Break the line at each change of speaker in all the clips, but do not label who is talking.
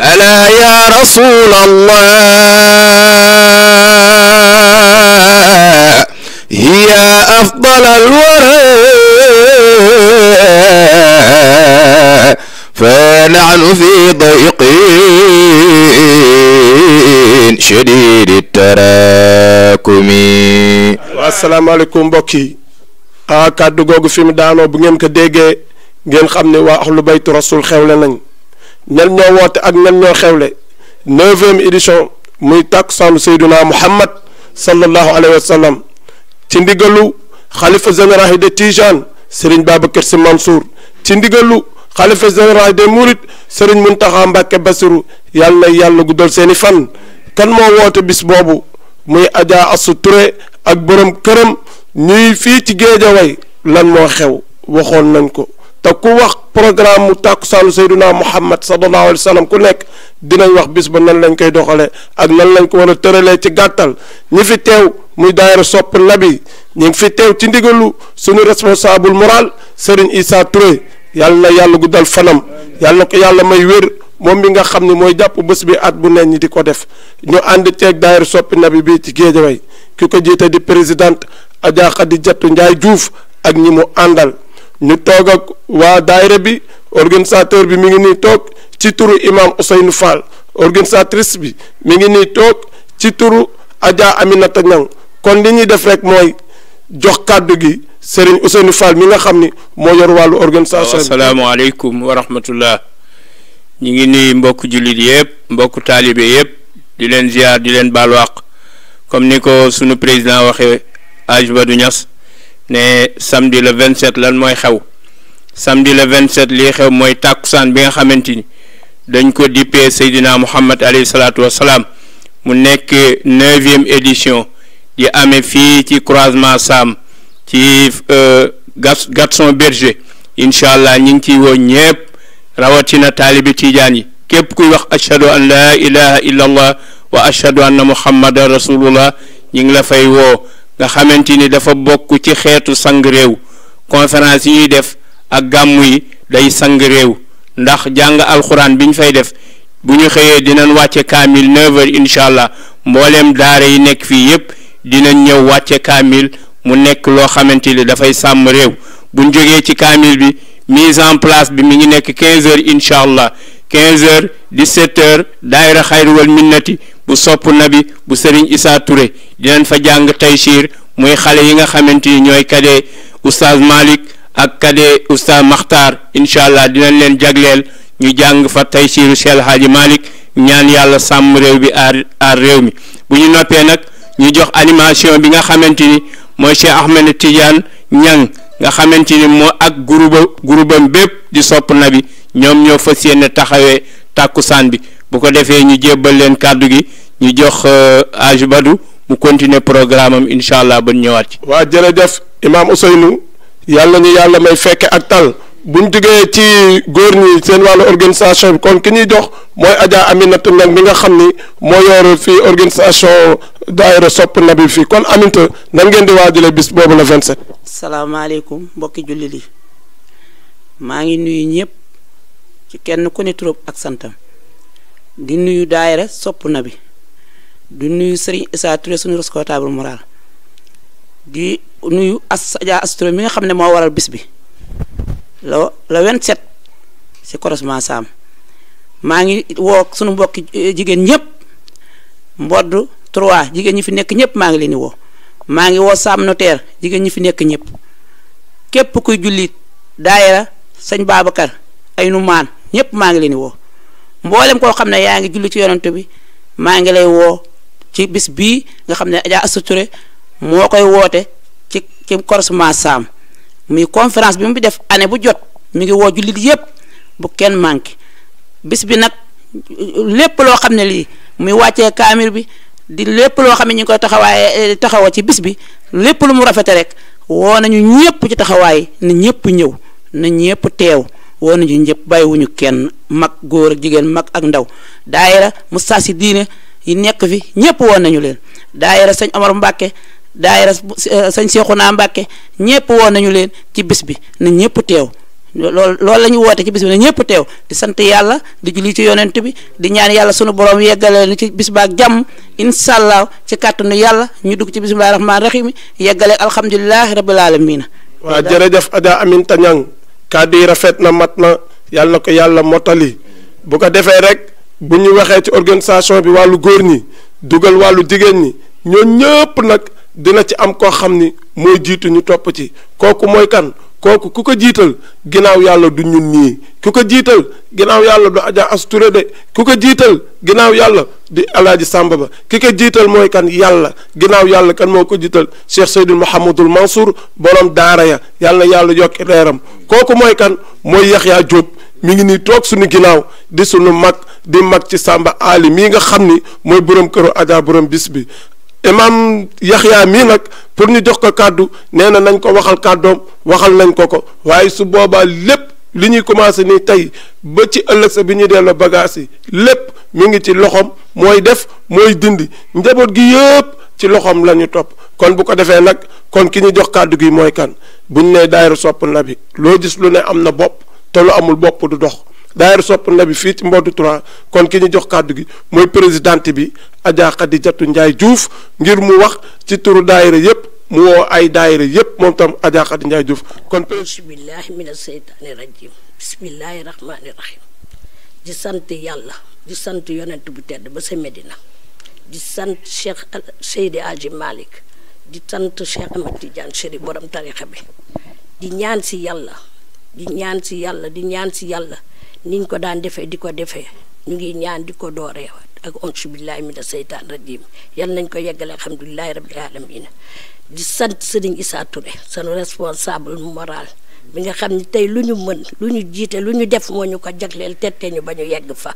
ألا يا رسول الله هي أفضل الورى فنحن في ضيق
شديد التراكم
asalaamaaleykum mbokk yi ah kàddu googu fi mu daanoo bu ngeen ko déggee ngeen xam ne waa ahlu baytu rasul xewle nañ ñan ñoo woote ak ñan ñoo xewle neuvième édition muy takkusaanu Seydina Muhammad sallallahu alayhi wa sallam ci ndigalu xalifa général de Tijane Serigne Babacar Sy Mansour ci ndigalu xalifa général de Mouride Serigne Mountakha Mbacké Bassirou yàlla na yàlla guddal seeni fan kan moo woote bis boobu muy Adja Assou Touré ak borom këram ñuy fii ci Géejawaay lan moo xew waxoon nañ ko. te ku wax programme mu tàkkusaanu sayduna muhammad sallallahu alayhi wa sallam ku nekk dinañ wax bis ba nan lañ koy doxalee ak nan lañ ko war a tëralee ci gàttal ñi fi teew muy daayira sopp nabi ñu ngi fi teew ci ndigalu suñu responsable moral Serigne Issa Touré yàlla na yàlla guddal fanam yàlla ko yàlla may wér moom bi nga xam ne mooy jàpp bés bi at bu nen ñi di ko def ñu ànd ceeg daayira soppi nabi bi ci Géejawaay ki ko jiite di président Adja di Diatou Ndiaye Diouf ak ñi mu àndal ñu toog ak waa daayira bi organisateur bi mi ngi nii toog ci turu imam Ousseynou Fall organisatrice bi mi ngi nii toog ci turu Adja Aminata Niang kon li ñuy def rek mooy jox kàddu gi Serigne Ousseynou Fall mi nga xam ni moo yor wàllu organisation bi.
asalaamaaleykum wa rahmatullah ñu ngi nii mbokk jullit yëpp mbokk taalibe yëpp di leen ziar di leen baal wàq comme ni ko sunu président waxee Aj du Niass ne samedi le 27 lan mooy xew samedi vingt 27 lii xew mooy tàkkusaan bi nga xamante ni dañ ko dippee Seydina Muhammad alayhi salaatu wassalaam mu nekk neuvième édition di amee fii ci croisement Sam ci gas euh, Gaston Berger incha allah ñu ngi ciy woo ñépp rawatina taalibi tiijaan yi képp kuy wax ashhadu an laa ilaha illa allah wa ashhadu anna muhammadan rasulullah ñi ngi la fay woo nga xamante ni dafa bokk ci xeetu sang réew conférence yi ñuy def ak gàmm yi day sang réew ndax jàng alxuraan bi ñu fay def bu ñu xëyee dinañ wàcce kaamil 9 heures incha allah mbooleem daara yi nekk fii yépp dinañ ñëw wàcce kaamil mu nekk loo xamante ni dafay sàmm réew buñ jógee ci kaamil bi mise en place bi mu ngi nekk quinze heures incha allah quinze heures dix-sept heures daayira xayru wal minnati bu sopp na bi bu sëriñ Issa Touré dinañ fa jàng taysiir muy xale yi nga xamante ni ñooy kadee oustaz Malick ak kadee oustaz Makhtar incha allah dinañ leen jagleel ñu jàng fa taysiiru Cheikh Hadji Malick ñaan yàlla sàmm réew bi aar aar réew mi bu ñu noppee nag ñu jox animation bi nga xamante ni mooy Cheikh Ahmed Tidiane Niang nga xamante ni moo ak groupe groupam bépp di sopp na bi ñoom ñoo fas yéene taxawee tàkku saan bi bu ko defee ñu jébbal leen kàddu gi ñu jox euh, aju badu mu continuer programme am incha allah ba ñëwaat ci. waa jërëjëf imaam Ousseynou yàlla ñu yàlla may fekke ak tal bu ñu jugee ci
góor ñi seen wàllu organisation bi kon ki ñuy jox mooy na te nag mi nga xam ni moo yor fii organisation daayira sopp bi fii kon Aminata nan ngeen di waajalee bis boobu la 27.
salaamaaleykum mbokki jullit yi maa ngi nuyu ñëpp. ci kenn ku ne ak santam di nuyu daayira sopp na bi di nuyu Serigne Issa Touré suñu responsable moral di nuyu as Adja Asturé mi nga xam ne moo waral bis bi la la 27 ci croisement Sam maa ngi woo suñu mbokki eh, jigéen ñëpp mbodd 3 jigéen ñi fi nekk ñëpp maa ngi leen di woo maa ngi woo Sam Notaire jigéen ñi fi nekk ñëpp képp kuy jullit daayira sëñ Babacar ay nu maan ñëpp maa ngi leen di woo mboolem koo xam ne yaa ngi julli ci yonent bi maa ngi lay woo ci bis bii nga xam ne Adja Astou Touré moo koy woote ci ci corosement saam muy conférence bi mu bi def année bu jot mi ngi woo jullit yëpp bu kenn manqué bis bi nag lépp loo xam ne lii muy wàcce kaamir bi di lépp loo xam ne ñu ngi koy taxawaay eh, taxawa ci bis bi lépp lu mu rafete rek woo nañu ñëpp ci taxawaay na ñëpp ñëw na ñëpp teew woo nañu ñëpp bàyyiwuñu kenn mag góor ak jigéen mag ak ndaw daayira mustaasi diine yi nekk fi ñëpp woon nañu leen daayira sëñ Omar Mbàkke daayira euh, sëñ Seexuna Mbàkke ñëpp woon nañu leen ci bis bi na ñëpp teew loolu loolu la ñu woote ci bis bi ñëpp teew di sant yàlla di julli ci yonent bi di ñaan yàlla sunu borom yeggale ni ci bis baak jàmm incha allah ci kàttanu yàlla ñu dugg ci bis bisimilahi rahmaani rahim yeggale alhamdulilahi rabil alamina
waa jërëjëf Adja Aminta Niang kàddu yi rafet na mat na yàlla ko yàlla mottali bu ko defee rek bu ñuy waxee ci organisation bi wàllu góor ñi dugal wàllu jigéen ñi ñoo ñëpp nag dina ci am koo xam ni mooy jiitu ñu topp ci kooku mooy kan kooku ku ko jiital ginnaaw yàlla du ñun nii ku ko jiital ginnaaw yàlla du Adja Asture de ku ko jiital ginnaaw yàlla di alaaji Sàmba ba ki ko jiital mooy kan yàlla ginnaaw yàlla kan moo ko jiital Cheikh Seydil Mouhamadul Mansour borom daara ya yàlla yàlla yokk leeram kooku mooy kan mooy yaa Jóob mi ngi nii toog suñu ginnaaw di suñu mag di mag ci Sàmba Ali mii nga xam ni mooy borom kër Adja borom bis bi imam yaxyaa mii nag pour ñu jox ko kàddu nee na nañ ko waxal kàddoom waxal nañ ko ko waaye su boobaa lépp li ñuy commencé nii tey ba ci ëllëg sa bi ñuy delloo bagages yi lépp mi ngi ci loxoom mooy def mooy dindi njaboot gi yëpp ci loxoom la ñu topp kon bu ko defee nag kon ki ñu jox kàddu gi mooy kan bu ñu nee daayira sopp na bi loo gis lu ne am na bopp te lu amul bopp du dox daayira sopp nabi fii ci Mbodj 3 kon ki ñu jox kàddu gi mooy présidente bi Adja Khadijatu Ndiaye Diouf ngir mu wax ci turu daayira yépp mu woo ay daayira yépp moom tam Adja Khadi Ndiaye Diouf kon
bismillahi mina seytaani rajim bismillahi rahmaani rahim di sant yàlla di sant yonent bu tedd ba sa Medina di sant Cheikh Seydi Aji di sant Cheikh Ahmed Tidiane Chérif borom tarixa bi di ñaan si yàlla di ñaan si yàlla di ñaan si yàlla niñ ko daan defee di ko defee ñu ngi ñaan di ko dooree ak onsu billahi mina seytaan rajim yal nañ ko yeggale alhamdulilahi rabbil alamin di sant sëriñ Issa Touré sunu responsable moral bi nga xam ni tey lu ñu mën lu ñu jiite lu ñu def moo ñu ko jagleel tee ñu ba ñu yegg fa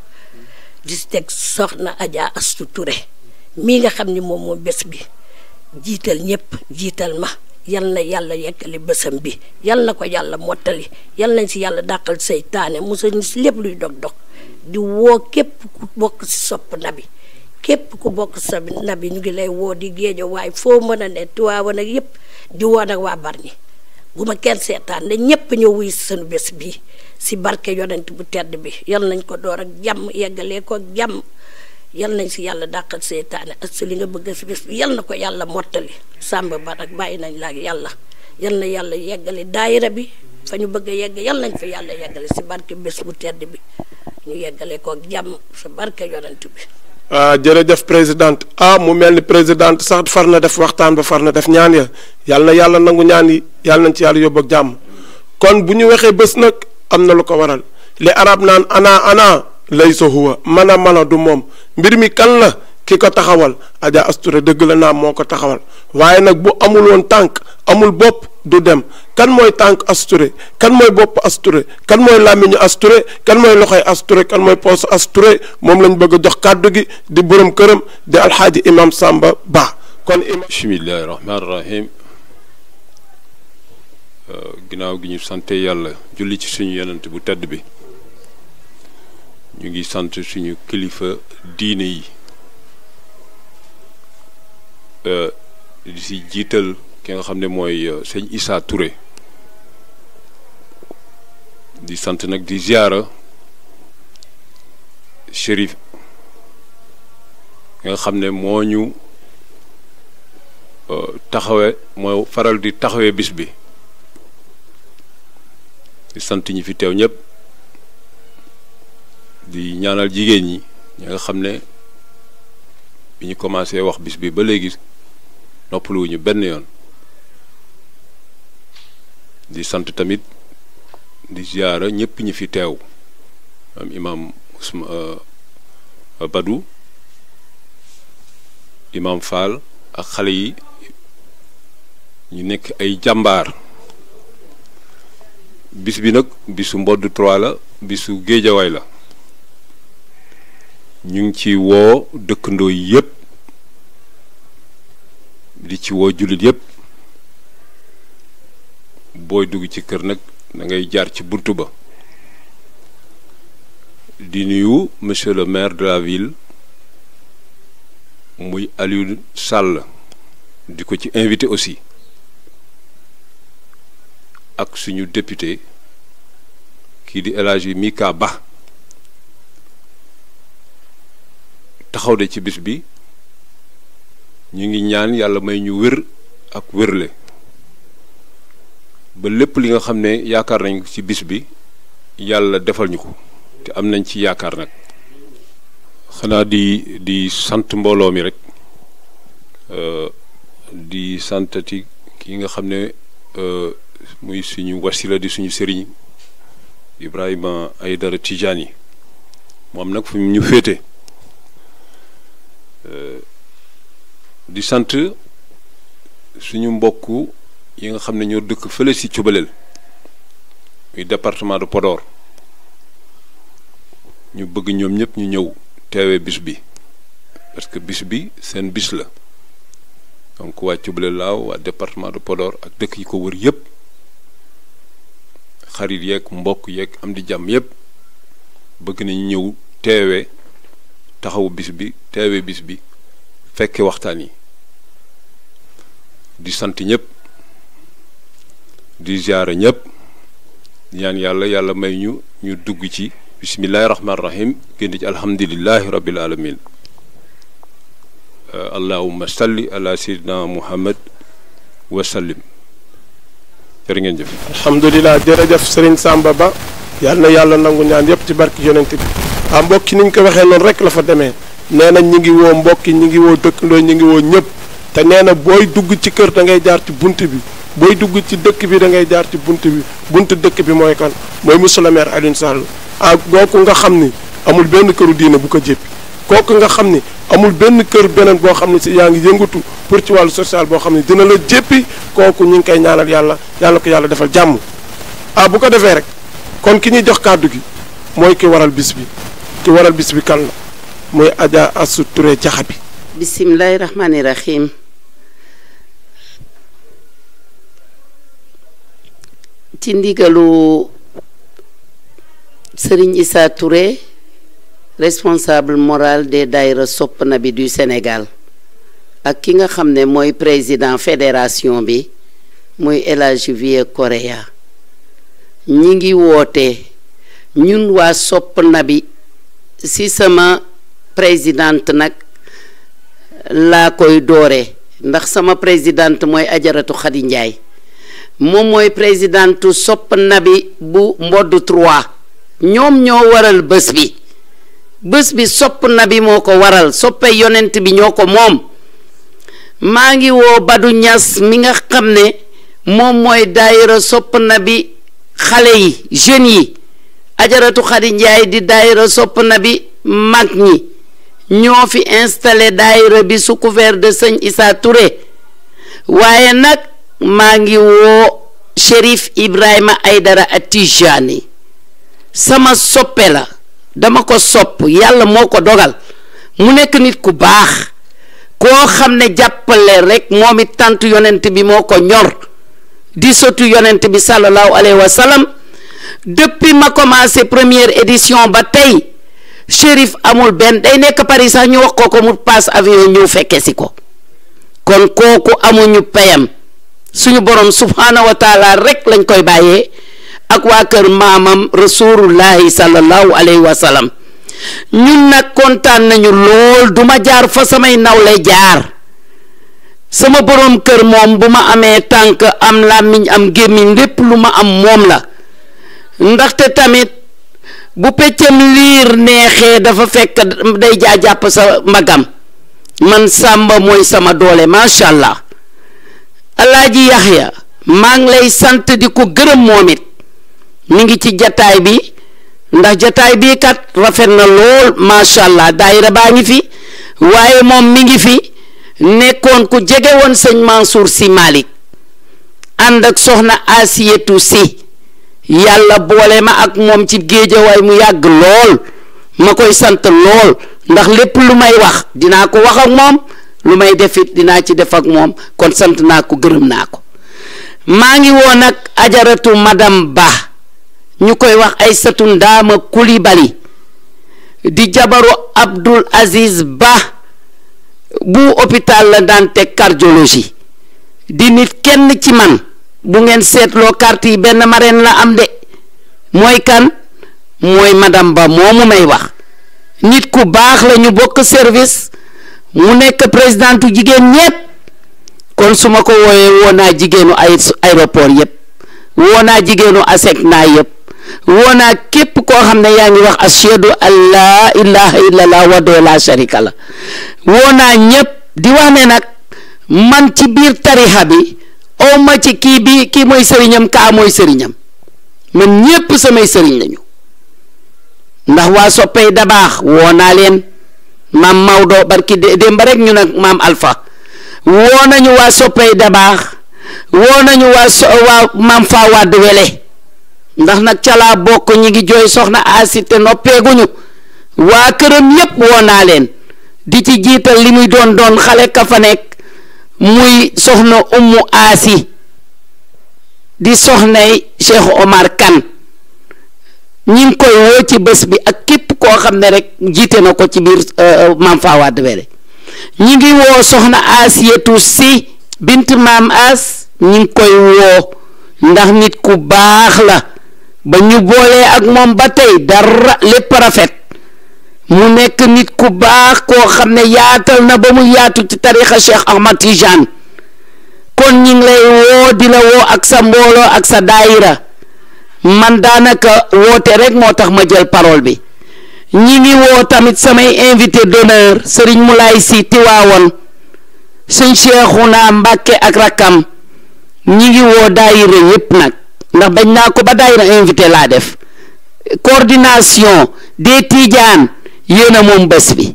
di teg soxna Adja Astu Touré mii nga xam ni moom moom bés bi jiital ñëpp jiital ma yal na yàlla yekkali bësam bi yal na ko yàlla mottali yal nañ si yàlla dàqal seytaane musal ñu si lépp luy dog dog di woo képp ku bokk si sopp nabi képp ku bokk sa nabi ñu ngi lay woo di géejo waaye foo mën a ne tuwaawan ak yëpp di woo nag waa Bargny bu ma kenn seetaan ne ñépp ñëw wuy sunu bés bi si barke yonent bu tedd bi yal nañ ko door ak jàmm yeggalee ko ak yal nañ si yàlla dàqal seytaane ak si li nga bëgg si bis bi yal na ko yàlla mottali Samba Barak bàyyi nañ la ak yàlla yal na yàlla yeggale daayira bi fa ñu bëgg yegg yal nañ fa yàlla yeggale si barke bés bu tedd bi ñu yeggale ko jàmm sa barke yonent bi.
Ah, jërëjëf présidente ah mu mel ni présidente sax far na def waxtaan ba far na def ñaan ya yal yàlla nangu ñaan yi yal nañ si yàlla yóbbu jàmm kon bu ñu waxee bés nag am na lu ko waral li arab naan ana ana. laysa huwa mana mana du moom mbir mi kan la ki ko taxawal Adja Asture dëgg la naam moo ko taxawal waaye nag bu amul woon tànk amul bopp du dem kan mooy tànk Asture kan mooy bopp Asture kan mooy làmmiñu Asture kan mooy loxoy Asture kan mooy poos Asture moom lañ bëgg a jox kàddu gi di borom këram di alxaaji imam sàmba Ba kon
imam bismillahi rahmaani rahim ginnaaw gi ñu sante yàlla julli ci suñu yonent bu tedd bi ñu ngi sant suñu kilifa diine yi euh, di si jiital ki nga xam ne mooy euh, sëñ Issa Touré di sant nag di ziara shérif nga xam ne moo ñu euh, taxawe moo faral di taxawee bis bi di sant ñu fi teew ñëpp di ñaanal jigéen ñi ñi nga xam ne bi ñu commencé wax bis bi ba léegi noppaluwuñu benn yoon di sant tamit di ziyaara ñëpp ñu fi teew am imaam Ousma euh, Badou imaam Fall ak xale yi ñu nekk ay jàmbaar bis bi nag bisu mbodd trois la bisu géejawaay la ñu ngi ci woo dëkkandoo yépp di ci woo jullit yépp booy dugg ci kër nag da ngay jaar ci bunt ba di nuyu monsieur le maire de la ville muy Aliou Sall di ko ci invité aussi ak suñu député kii di El yi Mika Ba taxaw de ci bis bi ñu ngi ñaan yàlla may ñu wér ak wérle ba lépp li nga xam ne yaakaar nañ ci bis bi yàlla defal ñu ko te am nañ ci yaakaar nag xanaa di di sant mbooloo mi rek euh, di santati ki nga xam ne euh, muy suñu wasila di suñu sëriñ Ibrahima Aydara Tidiane moom nag fu ñu féete di sant suñu mbokk yi nga xam ne ñoo dëkk fële si Cubalel muy département de Podor ñu bëgg ñoom ñëpp ñu ñëw teewee bis bi parce que bis bi seen bis la donc waa Cubalel laaw waa département de Podor ak dëkk yi ko wër yëpp xarit yeek mbokk yeeg am di jàmm yëpp bëgg nañu ñëw teewee taxawu bis bi teewee bis bi fekke waxtaan yi di sant ñëpp di ziare ñëpp ñaan yàlla yàlla may ñu ñu dugg ci bismillahi rahmaani rahim génn ci alhamdulillahi rabbil alamin euh, allahumma salli ala sayyidina muhammad wa sallim jërë ngeen jëf
alhamdulilah jërëjëf sëriñ Samba Ba yal na yàlla nangu ñaan yëpp ci barki yonent bi ah mbokki ni ñu ko waxee noonu rek la fa demee nee nañ ñi ngi woo mbokki ñu ngi woo dëkkandoo ñu ngi woo ñëpp te nee na booy dugg ci kër da ngay jaar ci bunt bi booy dugg ci dëkk bi da ngay jaar ci bunt bi bunt dëkk bi mooy kan mooy monsieur le ak Alioune kooku nga xam ni amul benn këru diine bu ko jéppi kooku nga xam ni amul benn kër beneen boo xam ne si yaa ngi yëngatu pour ci wàllu social boo xam ne dina la jéppi kooku ñu ngi koy ñaanal yàlla yàlla ko yàlla defal jàmm ah bu ko defee rek kon ki ñuy jox kàddu gi mooy ki waral bis bi ki waral bis bi kan la mooy Adja Assou Touré Jaxa bi
bisimilahi rahmaani rahim ci ndigalu Serigne Issa responsable moral des daayira Sopp na bi du Sénégal ak ki nga xam ne mooy président fédération bi muy El vie Vieux Korea ñi ngi woote ñun waa Sopp bi si sama présidente nag laa koy doore ndax sama présidente mooy ajaratu Xadi moom mooy présidentu sopp bi bu mbodd trois ñoom ñoo waral bës bi bés bi sopp nabi moo ko waral soppe yonent bi ñoo ko moom maa ngi woo Badu Ñas mi nga xam ne moom mooy daayira sopp bi xale yi jeunes yi ajaratu Xadi Njaay di daayira sopp bi mag ñi ñoo fi installé daayira bi sous couvert de sëñ Issa Touré waaye nag maa ngi woo Cherif Ibrahima Aidara Atijani sama soppe la dama ko sopp yàlla moo ko dogal mu nekk nit ku baax koo xam ne jàppale rek moom it tànt yonent bi moo ko ñor di sotu yonent bi sallallahu alayhi wa sallam depuis ma commencé première édition ba tey Chérif amul benn day nekk Paris sax ñu wax ko mu passe avion ñëw fekke si ko kon kooku amuñu payam suñu borom subhaana wa rekk lañ koy bàyyee ak waa kër maamam rasulullahi sallallahu alayhi wa sallam ñun nag kontaan nañu lool duma jaar fa samay nawle jaar sama borom kër moom bu ma amee tànk am làmmiñ am gémmiñ lépp lu ma am moom la ndaxte tamit bu peccam liir neexee dafa fekk day jaajàpp sa mbagam man sàmba mooy sama doole macha allah alaaji yaxya maa ngi lay sant di ko gërëm moom it mu ngi ci jataay bi ndax jataay bii kat rafet na lool macha allah daayira baa ngi fi waaye moom mi ngi fi nekkoon ku jegewoon woon sëñ Mansour si Malick ànd ak soxna Asiyatu si yàlla boole ma ak moom ci géejawaay mu yàgg lool ma koy sant lool ndax lépp lu may wax dinaa ko wax ak moom lu may def dinaa ci def ak moom kon sant naa ko gërëm naa ko maa ngi woon ak ajaratu madam Ba ñu koy wax ay satu ndaama Kulibali di jabaru Abdul Aziz Ba bu hôpital la daan teg cardiologie di nit kenn ci man bu ngeen seetloo carte yi benn marraine la am de mooy kan mooy madam Ba moomu may wax nit ku baax la bokk service. mu nekk présidentu jigéen ñépp kon su ma ko wooyee woo naa jigéenu ay aéroport yépp woo naa jigéenu ASECNA yépp woo naa képp koo xam ne yaa ngi wax ashhadu an laa ilaha illallah wahdahu laa sharika la woo naa ñépp di wax ne nag man ci biir tarixa bi aw ma ci kii bi kii mooy sëriñam kaa mooy sëriñam man ñépp samay sëriñ lañu ndax waa soppey dabaax woo naa leen maam Maodo barki démb rek ñu nag maam Alpha woo nañu waa soppay dabaax woo nañu waa so waa maam faa wàdd wele ndax nag calaa bokk ñi ngi jooy soxna Asi te noppeeguñu waa këram yépp woo naa leen di ci jiital li muy doon doon xale ka fa nekk muy soxna Umu Asi di soxnay Cheikh Omar Kane ñi ngi koy woo ci bés bi ak képp koo xam ne rek jiite na ko ci biir euh, maam Fawade Wele ñi ngi woo soxna Asiyatu si bint maam As ñi ngi koy woo ndax nit ku baax la ba ñu boolee ak moom ba tey dara lépp rafet mu nekk nit ku baax koo xam ne yaatal na ba mu yaatu ci tarixa Cheikh Ahmad Tijaan kon ñi lay woo di la woo ak sa mbooloo ak sa daayira man daanaka woote rek moo tax ma jël parole bi ñi ngi woo tamit samay invité d'honneur sëriñ Moulay Si Tiwaawoon sëñ Cheikhouna Mbàkke ak rakkam ñi ngi woo daayira yépp nag ndax bañ naa ko ba daayira invité laa def coordination des Tidiane yéen a moom bés bi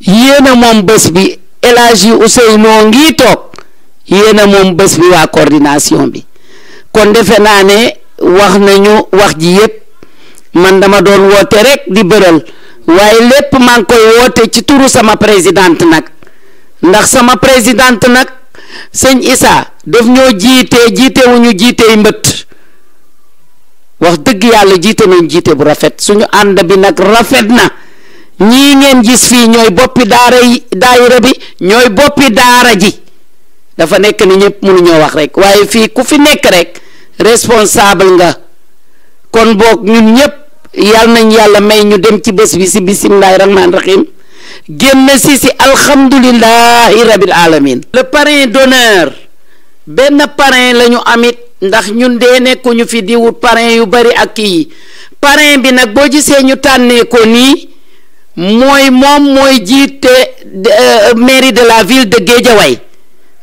yéen a moom bés bi El Hadji Ousseynou noo ngi toog yéen a moom bés bi waa coordination bi kon defe naa ne wax nañu wax ji yépp man dama doon woote rek di bëral waaye lépp maa ngi koy woote ci turu sama présidente nag ndax sama présidente nag sëñ Issa def ñoo jiite jiitewuñu jiitey mbëtt wax dëgg yàlla jiite nañ jiite bu rafet suñu ànd bi nag rafet na ñii ngeen gis fii ñooy boppi daara yi daayira bi ñooy boppi daara ji dafa nekk ni ñëpp mënuñoo wax rekk waaye fii ku fi nekk rekk responsable nga kon boog ñun ñëpp yal nañ yàlla may ñu dem ci bés bi si bisimilahi rahman rahim génn si si alhamdulilahi rabil alamin le parrain d'honneur benn parrain lañu ñu amit ndax ñun dee nekkuñu fi di wut yu bari ak kii parrain bi nag boo gisee ñu tànnee ko nii mooy moom mooy jiite euh, mairie de la ville de Guédiawaye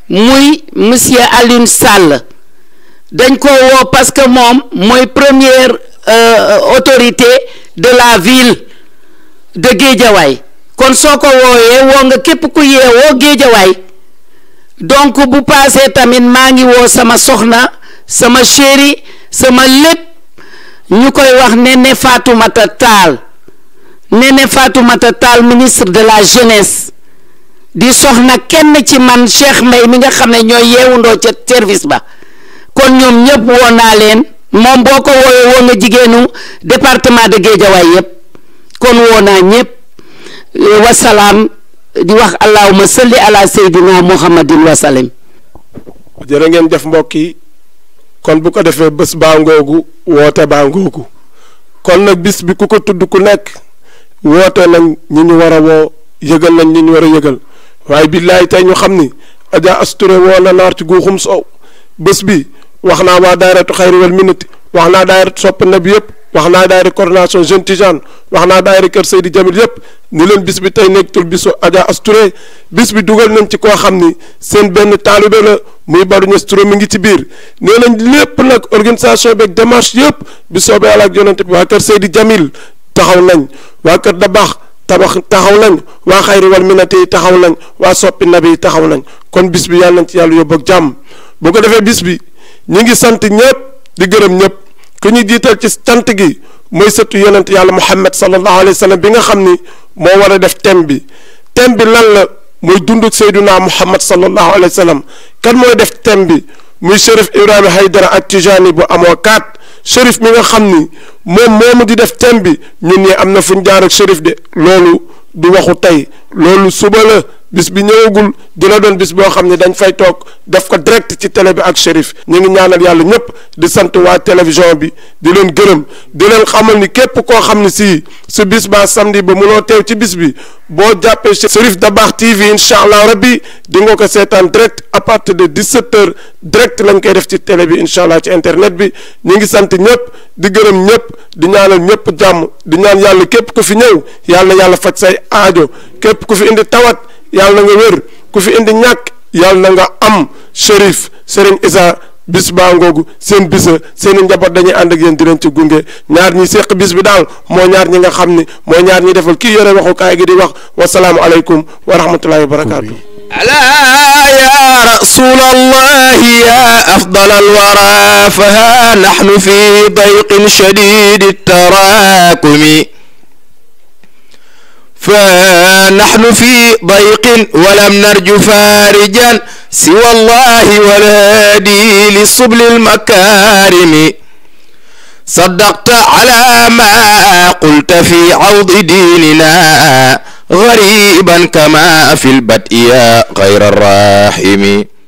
muy monsieur Alioune Sall dañ ko woo parce que moom mooy première euh, autorité de la ville de géejawaay kon soo ko wooyee woo nga képp ku yeewoo Guédiawaye donc bu paasee tamit maa ngi woo sama soxna sama chéri sama lépp ñu koy wax faatu Néné Fatoumata Tall Néné Fatoumata Tall ministre de la jeunesse di soxna kenn ci man Cheikh Mbaye mi nga xam ne ñooy yeewundoo ca service ba kon ñoom ñëpp woo naa leen moom boo ko woowee woo nga jigéenu département de Guédiawaye yëpp kon woo naa ñëpp eh, wasalaam di wax allahuma salli ala seydina muhammadin wasalim jërë ngeen def mbokk
yi kon bu ko defee bés baa ngoogu woote baa ngoogu kon nag bis bi ku ko tudd ku nekk woote nañ ñi ñu war a woo yëgal nañ ñi ñu war yëgal waaye billaay tey ñu xam ni Adja Asture woo naar ci guuxum sow bés bi wax naa waa daayiratu xayri wal minati wax naa daayiratu sopp nabi yëpp wax naa daayira coordination jeune tijane wax naa daayira kër Seydi Jamil yëpp ni leen bis bi tey nekkatul bisu Adja Asturé bis bi dugal nañ ci koo xam ni seen benn taalibe la muy Badou Niass Touré mi ngi ci biir nee nañ lépp nag organisation beeg démarche yëpp bi soobee Yàlla ak yonante bi waa kër Seydi Jamil taxaw nañ waa kër Dabax tabax taxaw nañ waa xayri wal minati yi taxaw nañ waa soppi nabi yi taxaw nañ kon bis bi yàlla nañ ci yàlla yóbbu ak jàmm ñu ngi sant ñëpp di gërëm ñëpp ku ñu jiital ci cant gi mooy sëtu yonent yàlla muhammad sallallahu alayhi wa sallam bi nga xam ni moo war a def thème bi thème bi lan la mooy dunduk seyduna muhammad sallallahu alayhi wa sallam kan mooy def thème bi muy shérif ibrahima haydara ak tijaani bu amoo kaat shérif mi nga xam ni moom moomu di def thème bi ñun am na fu ñu jaar ak shérif de loolu du waxu tey loolu suba la bis bi ñëwagul dina doon bis boo xam ne dañ fay toog def ko direct ci télé bi ak shérif ñu ngi ñaanal yàlla ñëpp di sant waa télévision bi di leen gërëm di leen xamal ni képp koo xam ne sii su bis ba samedi ba munoo teew ci bis bi boo jàppee shérif Dabakh TV incha allah rabbi di nga ko seetaan direct à partir de 17 heures direct lañ koy def ci télé bi incha allah ci internet bi ñu ngi sant ñëpp di gërëm ñëpp di ñaanal ñëpp jàmm di ñaan yàlla képp ku fi ñëw yàlla yàlla faj say aajo yàlla na nga wér ku fi indi ñàkk yàlla na nga am Chérif Serigne Issa bis baa ngoogu seen bisa seen i njaboot dañuy ànd ak yéen di leen ci gunge ñaar ñi séq bis bi daal moo ñaar ñi nga xam ni moo ñaar ñi defal kii yore waxukaay gi di wax salaam aleykum wa rahmatullahi wa barakaatu ألا يا رسول الله يا أفضل الورى
فها نحن في ضيق شديد التراكم فنحن في ضيق ولم نرج فارجا سوى الله والهادي لسبل المكارم صدقت على ما قلت في عوض ديننا غريبا كما في البدء غير الراحم